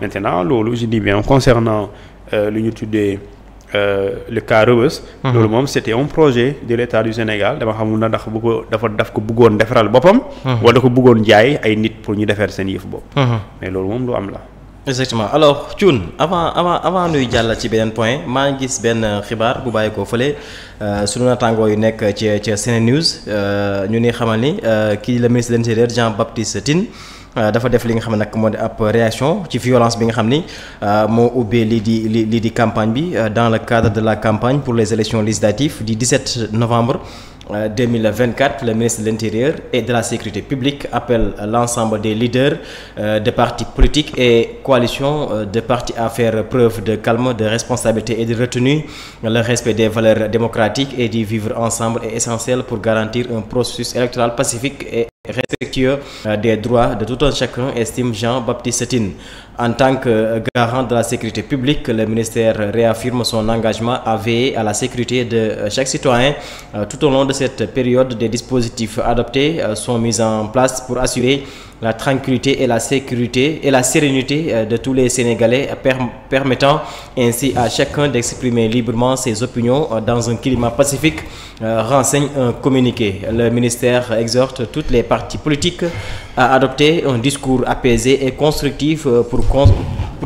maintenant loolu je dis bien concernant euh, lu ñu tuddee euh, le cas Rebeuss mhm. loolu moom c'était un projet de l'État du Sénégal dama xamul na ndax bu ko dafa daf ko bëggoon defaral boppam mhm. wala ko bëggoon jaay ay nit pour ñu defar seen yëf bopp mhm. mais loolu moom lu am la exactement alors Thioune avant avant avant nuy jàll ci beneen point maa ngi gis benn xibaar bu bàyyi koo fële euh, sunu naataangoo yu nekk ci ci Sénénews ñu ni xamal ni kii la ministre de l'Intérieur Jean Euh, dafa def li nga xam ne nag moo di ab réaction ci violence bi nga xam ni euh, moo ubbee lii di lii di campagne bi euh, dans le cadre de la campagne pour les élections législatives du 17 novembre 2024 le ministre de l'Intérieur et de la Sécurité publique appelle l'ensemble des leaders de partis politiques et coalitions de partis à faire preuve de calme, de responsabilité et de retenue. Le respect des valeurs démocratiques et du vivre ensemble est essentiel pour garantir un processus électoral respectueux euh, des droits de tout un chacun estime Jean-Baptiste Tine En tant que euh, garant de la sécurité publique, le ministère réaffirme son engagement à veiller à la sécurité de euh, chaque citoyen. Euh, tout au long de cette période, des dispositifs adoptés sont mis en place pour assurer la tranquillité et la sécurité et la sérénité de tous les Sénégalais permettant ainsi à chacun d'exprimer librement ses opinions dans un climat pacifique, renseigne un communiqué. Le ministère exhorte toutes les parties politiques à adopter un pour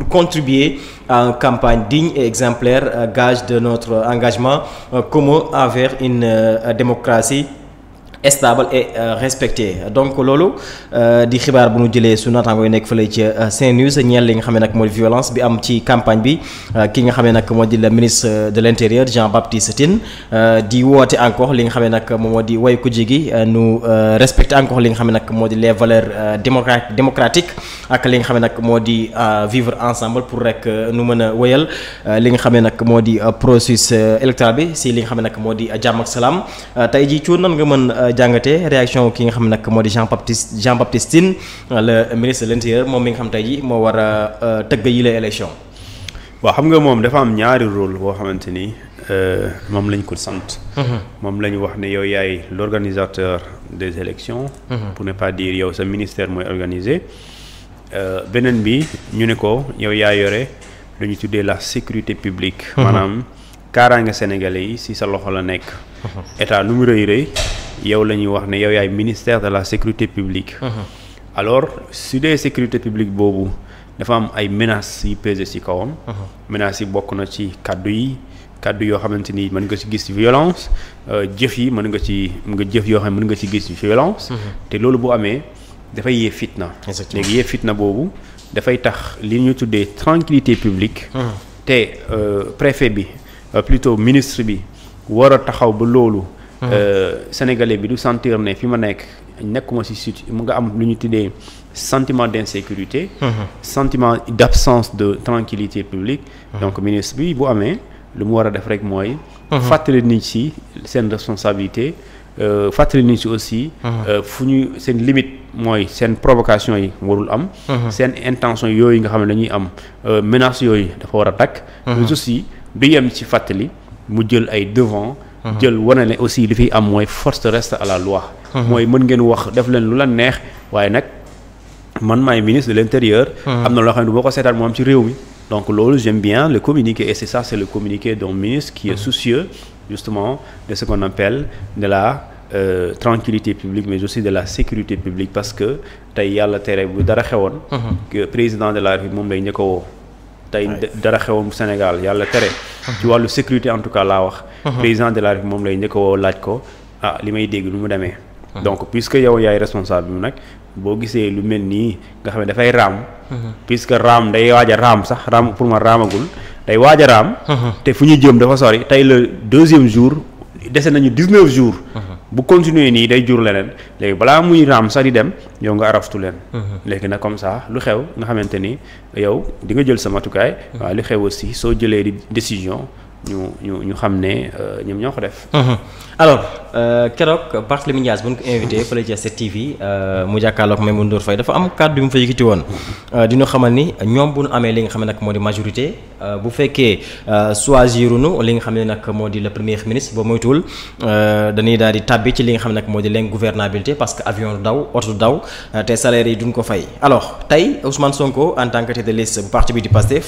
contribuer à une campagne digne et exemplaire, euh, gage de notre engagement euh, commun envers une euh, démocratie stable et euh, respecté donc loolu euh, di xibaar bu mu jëlee su naataango yi nekk fële ci euh, Saint-Louis ñeel li nga xam ne nag mooy violence bi am ci campagne bi ki nga xam ne nag moo di le ministre de l'intérieur Jean-Baptiste Tine di woote encore li nga xam ne nag moom moo di way ku jigi nu respecté encore li nga xam ne nag moo di les valeurs démocra démocratiques ak li nga xam ne nag moo di vivre ensemble pour rek nu mën a wëyal li nga xam ne nag moo di processus électoral bi si li xam nag moo di jàmm ak jàngatee réaction ki nga xam nag moo di Jean Baptiste Jean Baptiste Tine le ministre de moom mi nga xam tey ji moo war a euh, tëgg yi la élection waaw xam nga moom dafa am ñaari rôle boo xamante ni euh, moom lañ ko sant mhm. moom la ñu wax ne yow yaay l'organisateur des élections mhm. pour ne pas dire yow sa ministère mooy organisé euh, beneen bi ñu ne ko yow yaa yore lu tuddee la sécurité publique mhm. maanaam kaaraange sénégalais yi ci sa loxo la nekk état lu mu rëy rëy yow la ñuy wax ne yow yaay ministère de la sécurité publique. Uh-huh. alors su dee sécurité publique boobu dafa am ay menaces yi pesé ci kawam. Uh-huh. menaces yi bokk na ci kàddu yi. kàddu yoo xamante ni mën nga ci gis violence euh, jëf yi mën nga ci nga jëf yoo xam ne mën nga ci gis violence. Uh-huh. te loolu bu amee dafay yee fitna. léegi yee fitna boobu dafay tax li ñu tuddee tranquillité publique. te euh, préfet bi euh, plutôt ministre bi war a taxaw ba loolu. Euh, sénégalais bi du sentir ne fi ma nekk nekkuma si si mu nga am lu ñu tuddee sentiment d'insécurité. Mhm. sentiment d'absence de tranquillité publique. Mhm. donc ministre bi bu amee lu mu war a def rek mooy. Mhm. fàttali nit si seen responsabilité. Euh, fàttali nit si aussi. Euh, fu ñu seen limite mooy seen provocation yi warul am. seen intention yooyu nga xam ne dañuy am menaces yooyu dafa war a dakk. mais aussi du yem ci fàttali mu jël ay devant. Uh-huh. jël wane ne aussi li fiy am mooy force reste à la loi. Uh-huh. mooy mën ngeen wax def leen lu la neex waaye nag man maay ministre de l' intérieur. Uh-huh. am na loo xam ne moo ko seetaan moo ci réew mi. donc loolu j'aime bien le communiqué et c'est ça c'est le communiqué d'un ministre qui est soucieux justement de ce qu'on de la euh, tranquillité publique mais aussi de la sécurité publique parce que tey yàlla tere bu dara xewoon que président de la République moom lay njëkk a woo tey dara xewoon bu yàlla tere ci wàllu sécurité en tout cas laa wax. Uh-huh. président de la République moom lay njëkk a woo laaj ko ah li may dégg lu mu demee. Uh-huh. donc puisque yow yaay responsable bi nag boo gisee lu mel nii nga xam ne dafay raam. Uh-huh. puisque raam day waaj a raam sax raam pour ma raamagul day waaj a raam. te fu ñu jëm dafa sori tey le deuxième jour dese nañu dix-neuf jours. bu continuer nii day jur leneen léegi balaa muy raam sax di dem yow nga araftu leen. Mhm. léegi nag comme ça lu xew nga xamante ni yow di nga jël sa matukaay. Mhm. waaw lu xew aussi soo jëlee di décision. ñu ñu ñu xam ne euh, ñoom ñoo ko def. Mhm. alors euh, keroog Barthélémy Dias bu ñu ko invité fële ca 7TV euh, mu jàkkaarloog bu li nga xam ne nag moo di majorité bu fekkee choisirunu li nga xam ne nag moo di le premier ministre ba moytuwul dañuy daal di tàbbi ci li nga xam ne nag moo di l'ingouvernabilité parce que avion du daw oto du daw te salaire yi ko fay alors tey Ousmane Sonko en tant que tête de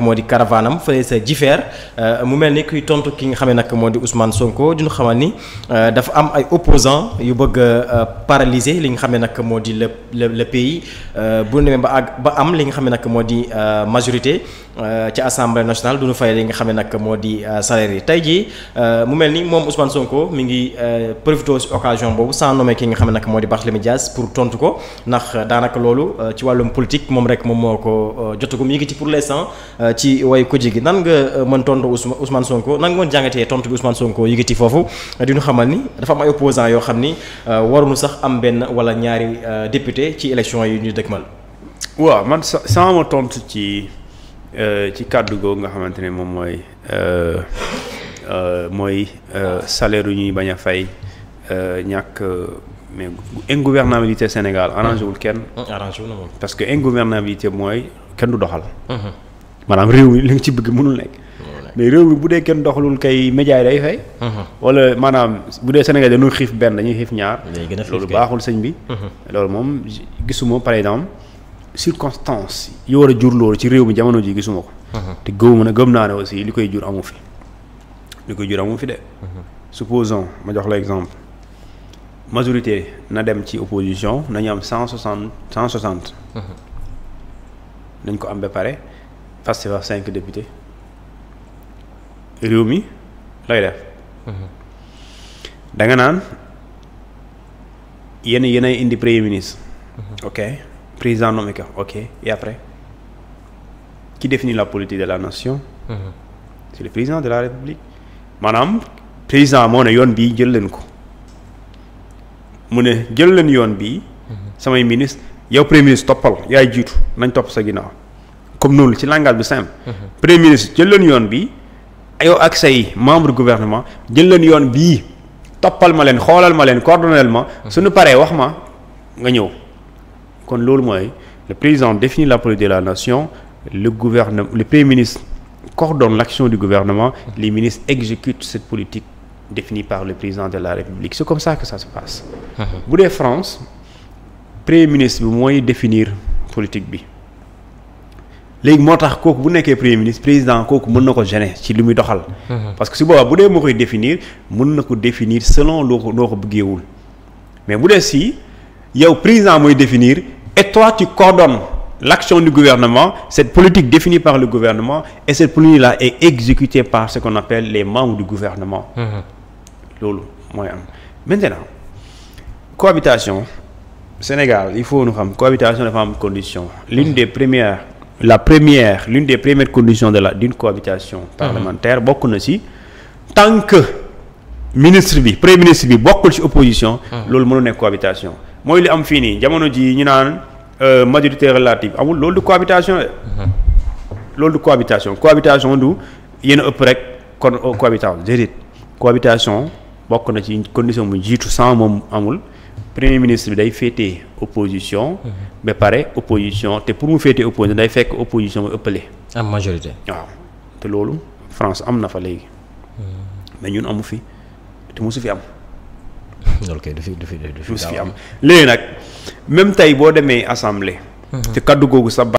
moo di caravane fële sa jifeer euh, mu mel ni kuy tontu ki nga xam ne nag moo di Ousmane Sonko di ñu xamal ni euh, dafa am ay opposants yu bëgg a euh, li nga xam ne nag moo di le le le pays bu demee ba àgg ba am li nga xam ne nag moo di majorité ci assemblée nationale du ñu fay li nga xam ne nag moo di salaire yi tey jii mu mel ni moom Ousmane Sonko mu ngi profité si occasion boobu sans nommer ki nga xam ne nag moo di Barthélémy Dias pour tontu ko ndax daanaka loolu ci wàllum politique moom rek moom moo ko jotagum mi ngi ci pour l'instant ci way ko jig nan nga euh, mën tontu Ousmane Sonko nan nga mën jàngatee tontu bi Ousmane Sonko yëkkati foofu di ñu xamal ni dafa am ay opposants yoo xam ni euh, waruñu sax am benn wala ñaari euh, député ci élection yi ñu dëkkmal. waaw man sa sama ma tontu ci ci kàddu googu nga xamante ne moom mooy mooy salaire yu ñuy bañ a fay ñàkk. mais ingouvernabilité Sénégal arrangé wul kenn. arrangé wul parce que ingouvernabilité mooy kenn du doxal. Mhm. maanaam réew mi li nga ci bëgg mënul nekk. mais réew mi bu dee kenn doxalul kay média yi day fay. Mhm. wala maanaam bu dee Sénégal dañuy xiif benn dañuy xiif ñaar. loolu baaxul sëñ bi. Mhm. loolu moom gisuma par exemple circonstance yi war a jur loolu ci réew mi jamono ji gisuma ko. Mhm. te gëwuma na gëm naa ne aussi li koy jur amu fi li koy jur amu fi de. supposons ma jox la exemple majorité na dem ci opposition nañu am cent soixante cent soixante. nañ ko am ba pare. Pastef wax cinq députés réew mi lay def mm-hmm. da nga naan yéen yéen ay indi premier ministre mm-hmm. ok président nommé ko ok et après qui définit la politique de la nation mm-hmm. c'est le président de la république maanaam président moo ne yoon bii jël leen ko mu ne jël leen yoon bii samay ministre yow premier ministre toppal yaay jiitu nañ topp sa ginnaaw comme noonu la ci langage bi simple. premier ministre jël leen yoon bi yow ak say membre gouvernement jël leen yoon bii toppal ma leen xoolal ma leen coordonnel ma. suñu paree wax ma nga ñëw. kon loolu mooy le président définit la politique de la nation le gouvernement le premier ministre coordonne l'action du gouvernement les ministres exécutent cette politique définie par le président de la république c'est comme ça que ça se passe. bu dee France premier ministre bi mooy définir politique bi. léegi moo tax kooku bu nekkee premier ministre président kooku mën na ko gêner ci li muy doxal. parce que su boobaa bu dee moo koy définir mën na ko définir selon loo ko loo ko bëggeewul mais bu dee si yow président mooy définir et toi tu coordonnes l'action du gouvernement cette politique définie par le gouvernement et cette politique là est exécutée par ce qu'on appelle les membres du gouvernement. loolu mooy am maintenant cohabitation Sénégal il faut nu xam cohabitation dafa am condition l'une des premières. la première l'une des premières conditions de la d'une cohabitation parlementaire bokk na ci tant que ministre bi premier ministre bi bokkul ci opposition hmm. loolu mënu nekk cohabitation mooy li am fii nii jamono ji ñu naan euh, majorité relative amul loolu du cohabitation hmm. loolu du cohabitation cohabitation du yéen a ëpp rek kon euh, cohabitation déedéet cohabitation bokk na ci condition mu jiitu sans moom amul premier ministre bi day féete opposition. ba pare opposition te pour mu féetee opposition day fekk opposition mu ëppale. am majorité. waaw te loolu France am na fa léegi. Hmm. mais ñun amu fi te mosu fi am. loolu kay du fi am léegi nag même tey boo demee assemblée. Hmm. te kaddu googu sa